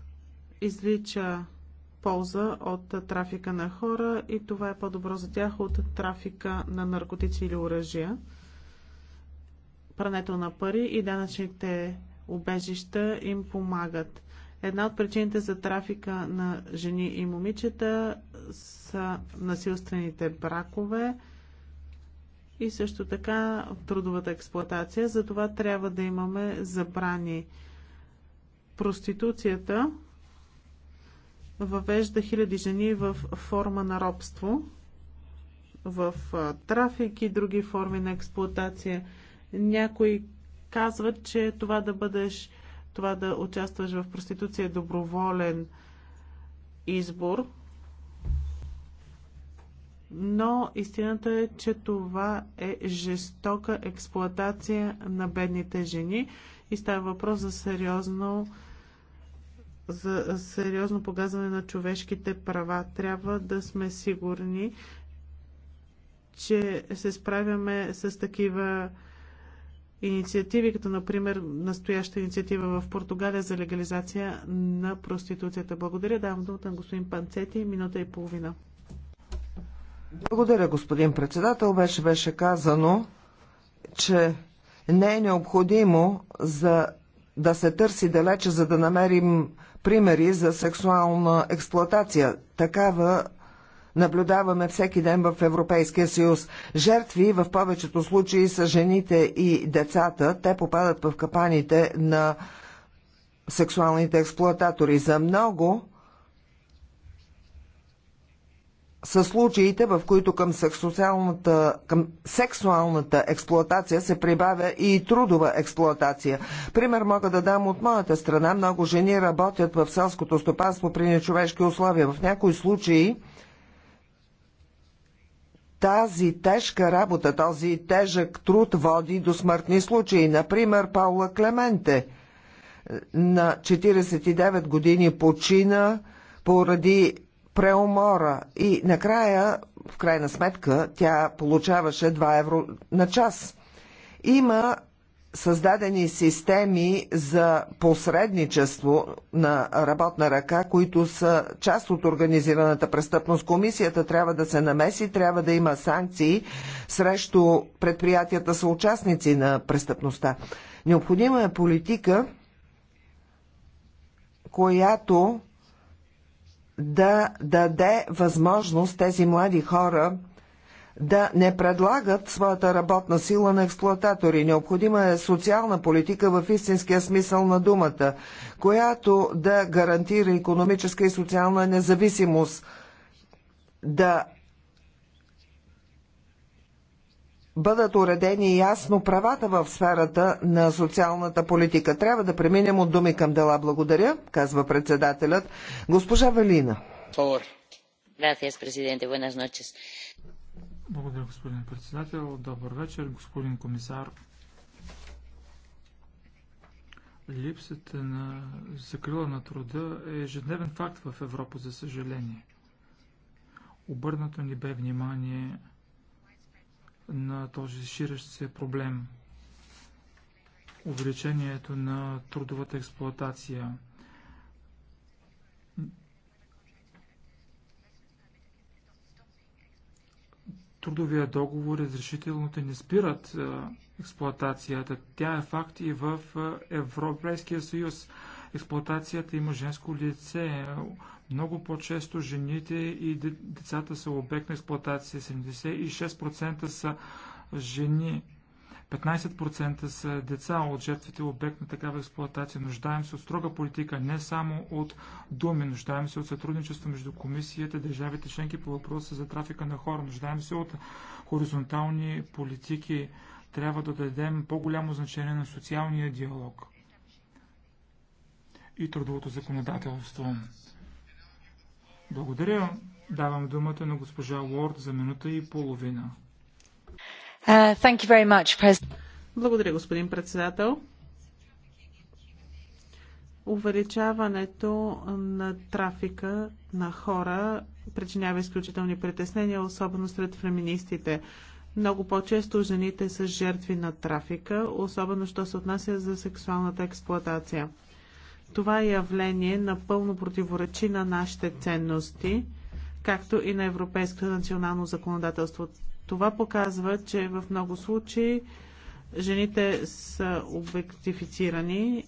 A: извлича полза от трафика на хора и това е по-добро за тях от трафика на наркотици или оръжия. Прането на пари и данъчните убежища им помагат. Една от причините за трафика на жени и момичета са насилствените бракове и също така трудовата експлоатация. Затова трябва да имаме забрани. Проституцията въвежда хиляди жени в форма на робство, в трафик и други форми на експлоатация. Някои казват, че това да бъдеш това да участваш в проституция е доброволен избор. Но истината е, че това е жестока експлоатация на бедните жени и става въпрос за сериозно за сериозно погазване на човешките права. Трябва да сме сигурни, че се справяме с такива инициативи, като например настояща инициатива в Португалия за легализация на проституцията. Благодаря. Давам думата на господин Панцети. Минута и половина.
C: Благодаря, господин председател. Беше беше казано, че не е необходимо за да се търси далече, за да намерим примери за сексуална експлоатация. Такава наблюдаваме всеки ден в Европейския съюз. Жертви в повечето случаи са жените и децата. Те попадат в капаните на сексуалните експлуататори. За много са случаите, в които към сексуалната, към сексуалната експлоатация се прибавя и трудова експлоатация. Пример мога да дам от моята страна. Много жени работят в селското стопанство при нечовешки условия. В някои случаи тази тежка работа, този тежък труд води до смъртни случаи. Например, Паула Клементе на 49 години почина поради преумора и накрая, в крайна сметка, тя получаваше 2 евро на час. Има създадени системи за посредничество на работна ръка, които са част от организираната престъпност. Комисията трябва да се намеси, трябва да има санкции срещу предприятията са участници на престъпността. Необходима е политика, която да даде възможност тези млади хора – да не предлагат своята работна сила на експлоататори. Необходима е социална политика в истинския смисъл на думата, която да гарантира економическа и социална независимост, да бъдат уредени ясно правата в сферата на социалната политика. Трябва да преминем от думи към дела. Благодаря, казва председателят.
B: Госпожа Велина.
A: Благодаря, президенте. Buenas
B: благодаря, господин председател. Добър вечер, господин комисар. Липсата на закрила на труда е ежедневен факт в Европа, за съжаление. Обърнато ни бе внимание на този ширещ се проблем. Увеличението на трудовата експлоатация – трудовия договор разрешителните не спират експлоатацията. Тя е факт и в Европейския съюз. Експлоатацията има женско лице. Много по-често жените и децата са обект на експлоатация. 76% са жени. 15% са деца от жертвите е обект на такава експлоатация. Нуждаем се от строга политика, не само от думи. Нуждаем се от сътрудничество между комисията, държавите членки по въпроса за трафика на хора. Нуждаем се от хоризонтални политики. Трябва да дадем по-голямо значение на социалния диалог и трудовото законодателство. Благодаря. Давам думата на госпожа Лорд за минута и половина.
A: Uh,
B: Благодаря, господин председател.
A: Увеличаването на трафика на хора причинява изключителни притеснения, особено сред феминистите. Много по-често жените са жертви на трафика, особено що се отнася за сексуалната експлоатация. Това е явление напълно противоречи на нашите ценности, както и на европейското национално законодателство. Това показва, че в много случаи жените са обектифицирани.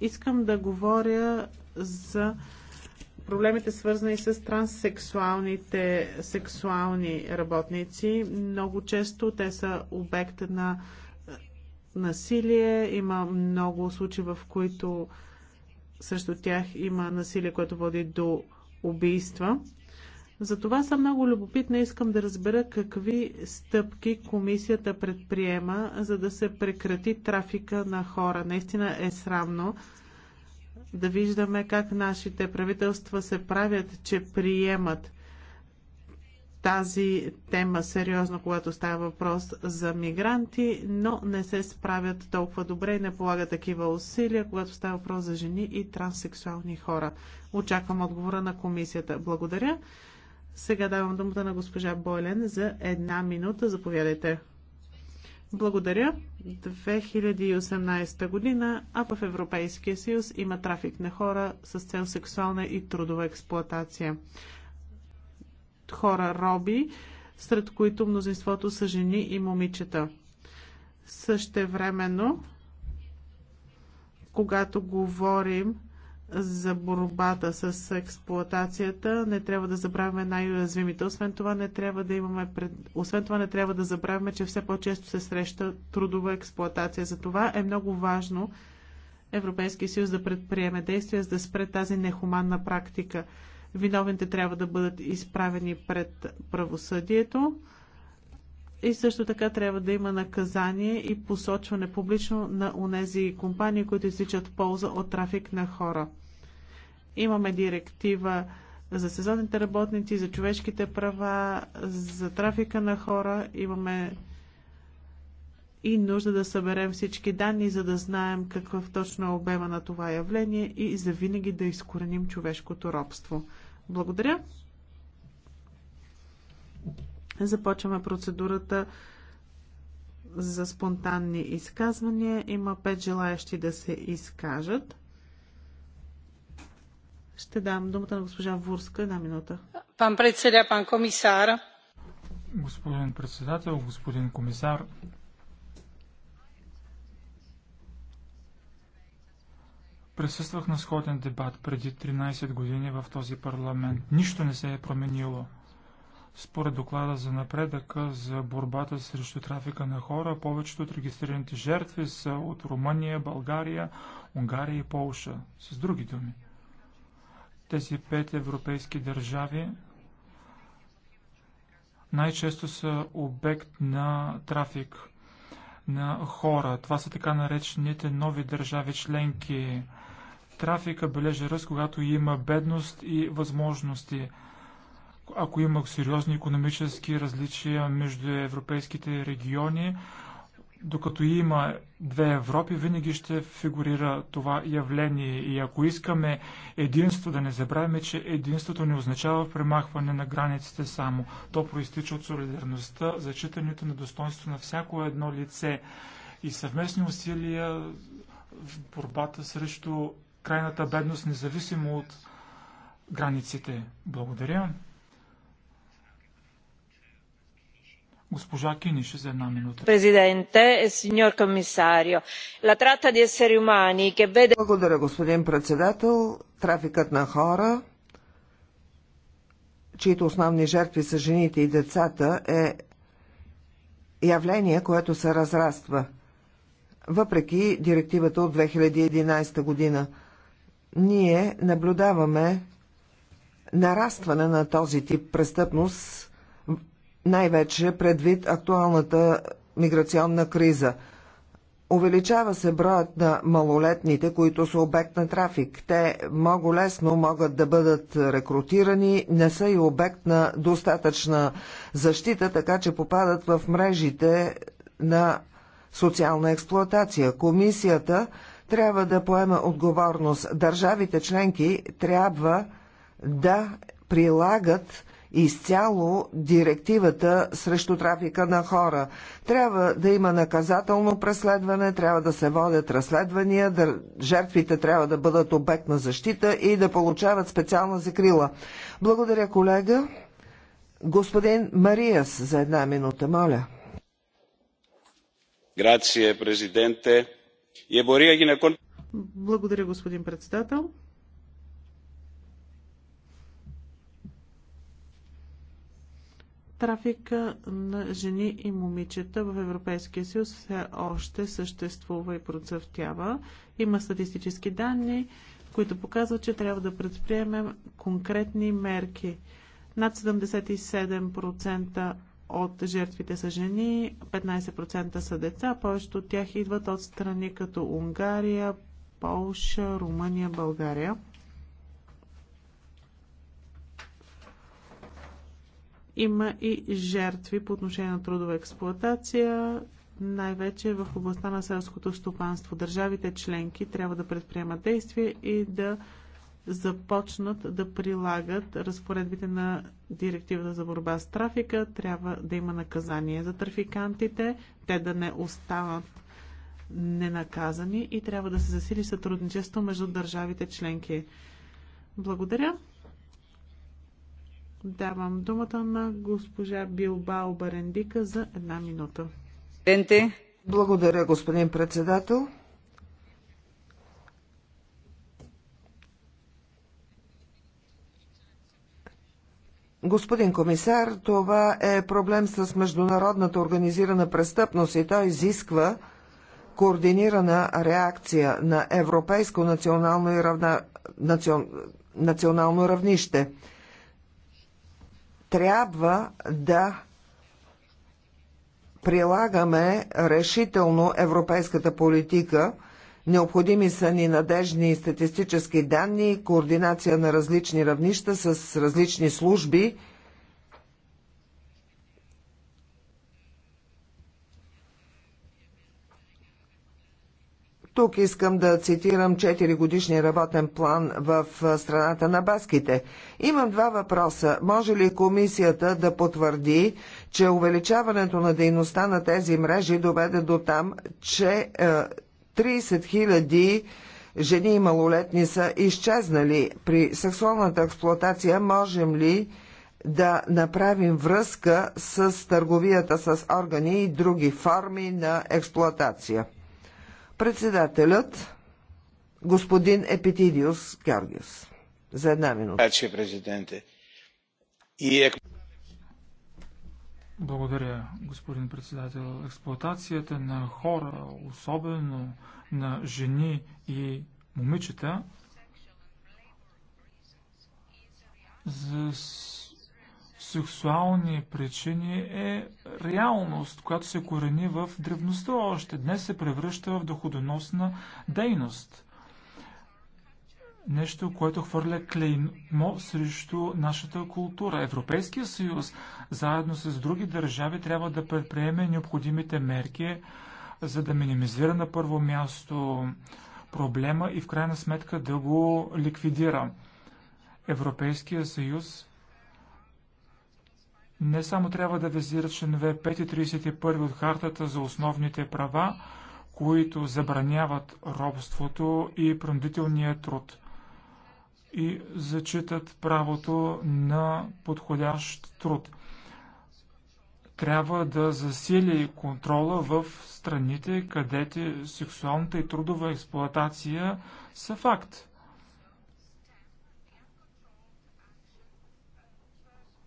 A: Искам да говоря за проблемите свързани с транссексуалните сексуални работници. Много често те са обект на е, насилие. Има много случаи, в които срещу тях има насилие, което води до убийства. Затова съм много любопитна и искам да разбера какви стъпки комисията предприема, за да се прекрати трафика на хора. Наистина е срамно да виждаме как нашите правителства се правят, че приемат тази тема сериозно, когато става въпрос за мигранти, но не се справят толкова добре и не полагат такива усилия, когато става въпрос за жени и транссексуални хора. Очаквам отговора на комисията. Благодаря. Сега давам думата на госпожа Бойлен за една минута. Заповядайте. Благодаря. 2018 година, а в Европейския съюз има трафик на хора с цел сексуална и трудова експлоатация. Хора роби, сред които мнозинството са жени и момичета. Същевременно, когато говорим за борбата с експлоатацията. Не трябва да забравяме най-уязвимите. Освен това не трябва да имаме пред... Освен това не трябва да забравяме, че все по-често се среща трудова експлоатация. За това е много важно Европейския съюз да предприеме действия, за да спре тази нехуманна практика. Виновните трябва да бъдат изправени пред правосъдието. И също така трябва да има наказание и посочване публично на онези компании, които изличат полза от трафик на хора. Имаме директива за сезонните работници, за човешките права, за трафика на хора. Имаме и нужда да съберем всички данни, за да знаем какъв точно е обема на това явление и за винаги да изкореним човешкото робство. Благодаря. Започваме процедурата за спонтанни изказвания. Има пет желаящи да се изкажат. Ще дам думата на госпожа Вурска. Една минута. Пан председа, пан комисар.
B: Господин председател, господин комисар. Присъствах на сходен дебат преди 13 години в този парламент. Нищо не се е променило. Според доклада за напредъка за борбата срещу трафика на хора, повечето от регистрираните жертви са от Румъния, България, Унгария и Полша. С други думи, тези пет европейски държави най-често са обект на трафик на хора. Това са така наречените нови държави членки. Трафика бележи ръст, когато има бедност и възможности – ако има сериозни економически различия между европейските региони, докато има две Европи, винаги ще фигурира това явление. И ако искаме единство, да не забравяме, че единството не означава премахване на границите само. То проистича от солидарността, зачитането на достоинство на всяко едно лице и съвместни усилия в борбата срещу крайната бедност, независимо от границите. Благодаря. Госпожа Киниш за една минута.
A: Президенте, комисарио,
C: la tratta di esseri umani che vede... Благодаря, господин председател. Трафикът на хора, чието основни жертви са жените и децата, е явление, което се разраства. Въпреки директивата от 2011 година, ние наблюдаваме нарастване на този тип престъпност най-вече предвид актуалната миграционна криза. Увеличава се броят на малолетните, които са обект на трафик. Те много лесно могат да бъдат рекрутирани, не са и обект на достатъчна защита, така че попадат в мрежите на социална експлоатация. Комисията трябва да поема отговорност. Държавите членки трябва да прилагат изцяло директивата срещу трафика на хора. Трябва да има наказателно преследване, трябва да се водят разследвания, да, жертвите трябва да бъдат обект на защита и да получават специална закрила. Благодаря, колега. Господин Мариас, за една минута, моля.
A: Грация, президенте. Благодаря, господин председател. Трафика на жени и момичета в Европейския съюз все още съществува и процъфтява. Има статистически данни, които показват, че трябва да предприемем конкретни мерки. Над 77% от жертвите са жени, 15% са деца, повечето от тях идват от страни като Унгария, Полша, Румъния, България. Има и жертви по отношение на трудова експлоатация, най-вече в областта на селското стопанство. Държавите членки трябва да предприемат действия и да започнат да прилагат разпоредбите на директивата за борба с трафика. Трябва да има наказание за трафикантите, те да не останат ненаказани и трябва да се засили сътрудничество между държавите членки. Благодаря. Давам думата на госпожа Билбао Барендика за една минута.
C: Благодаря, господин председател. Господин комисар, това е проблем с международната организирана престъпност и той изисква координирана реакция на европейско национално и равна... национ... национално равнище трябва да прилагаме решително европейската политика. Необходими са ни надежни статистически данни, координация на различни равнища с различни служби – Тук искам да цитирам 4 годишния работен план в страната на баските. Имам два въпроса. Може ли комисията да потвърди, че увеличаването на дейността на тези мрежи доведе до там, че 30 000 жени и малолетни са изчезнали при сексуалната експлоатация? Можем ли да направим връзка с търговията с органи и други форми на експлоатация? Председателят господин Епитидиус Георгиус. За една минута.
A: Е-
B: Благодаря, господин председател. Експлуатацията на хора, особено на жени и момичета, за сексуални причини е реалност, която се корени в древността още. Днес се превръща в доходоносна дейност. Нещо, което хвърля клеймо срещу нашата култура. Европейския съюз, заедно с други държави, трябва да предприеме необходимите мерки, за да минимизира на първо място проблема и в крайна сметка да го ликвидира. Европейския съюз не само трябва да визира членове 5 и 31 от Хартата за основните права, които забраняват робството и принудителния труд и зачитат правото на подходящ труд. Трябва да засили контрола в страните, където сексуалната и трудова експлоатация са факт.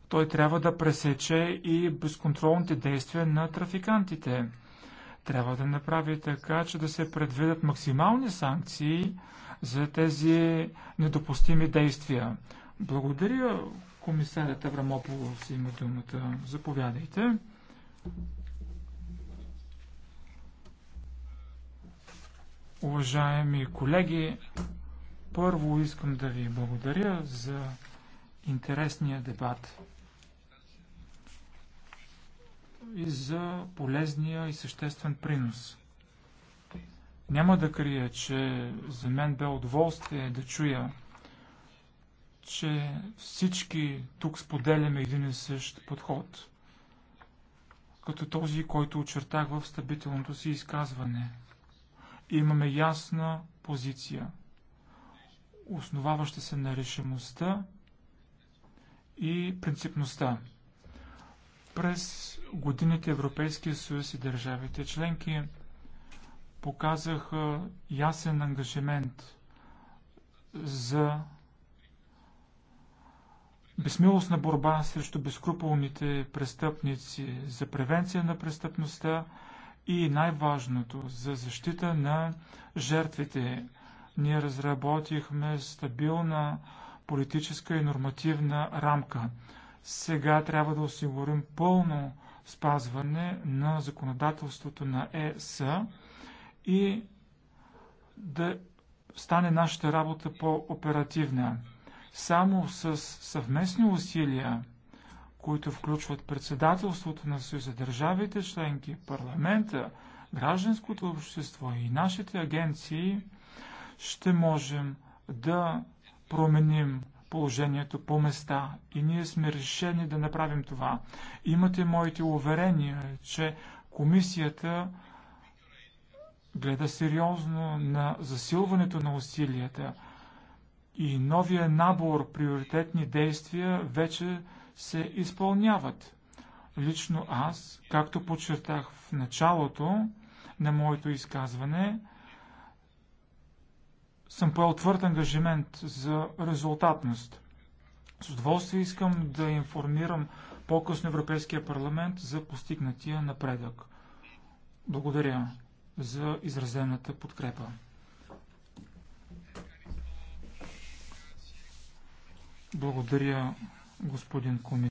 B: Той трябва да пресече и безконтролните действия на трафикантите. Трябва да направи така, че да се предвидят максимални санкции за тези недопустими действия. Благодаря, комисарят си има думата. Заповядайте. Уважаеми колеги, първо искам да ви благодаря за интересния дебат и за полезния и съществен принос. Няма да крия, че за мен бе удоволствие да чуя, че всички тук споделяме един и същ подход, като този, който очертах в стабителното си изказване. И имаме ясна позиция, основаваща се на решимостта и принципността. През годините Европейския съюз и държавите членки показаха ясен ангажимент за безмилостна борба срещу безкруполните престъпници, за превенция на престъпността и най-важното за защита на жертвите. Ние разработихме стабилна политическа и нормативна рамка сега трябва да осигурим пълно спазване на законодателството на ЕС и да стане нашата работа по-оперативна. Само с съвместни усилия, които включват председателството на Съюза, държавите членки, парламента, гражданското общество и нашите агенции, ще можем да променим положението по места и ние сме решени да направим това. Имате моите уверения, че комисията гледа сериозно на засилването на усилията и новия набор приоритетни действия вече се изпълняват. Лично аз, както подчертах в началото на моето изказване, съм поел твърд ангажимент за резултатност. С удоволствие искам да информирам по-късно Европейския парламент за постигнатия напредък. Благодаря за изразената подкрепа. Благодаря, господин комисар.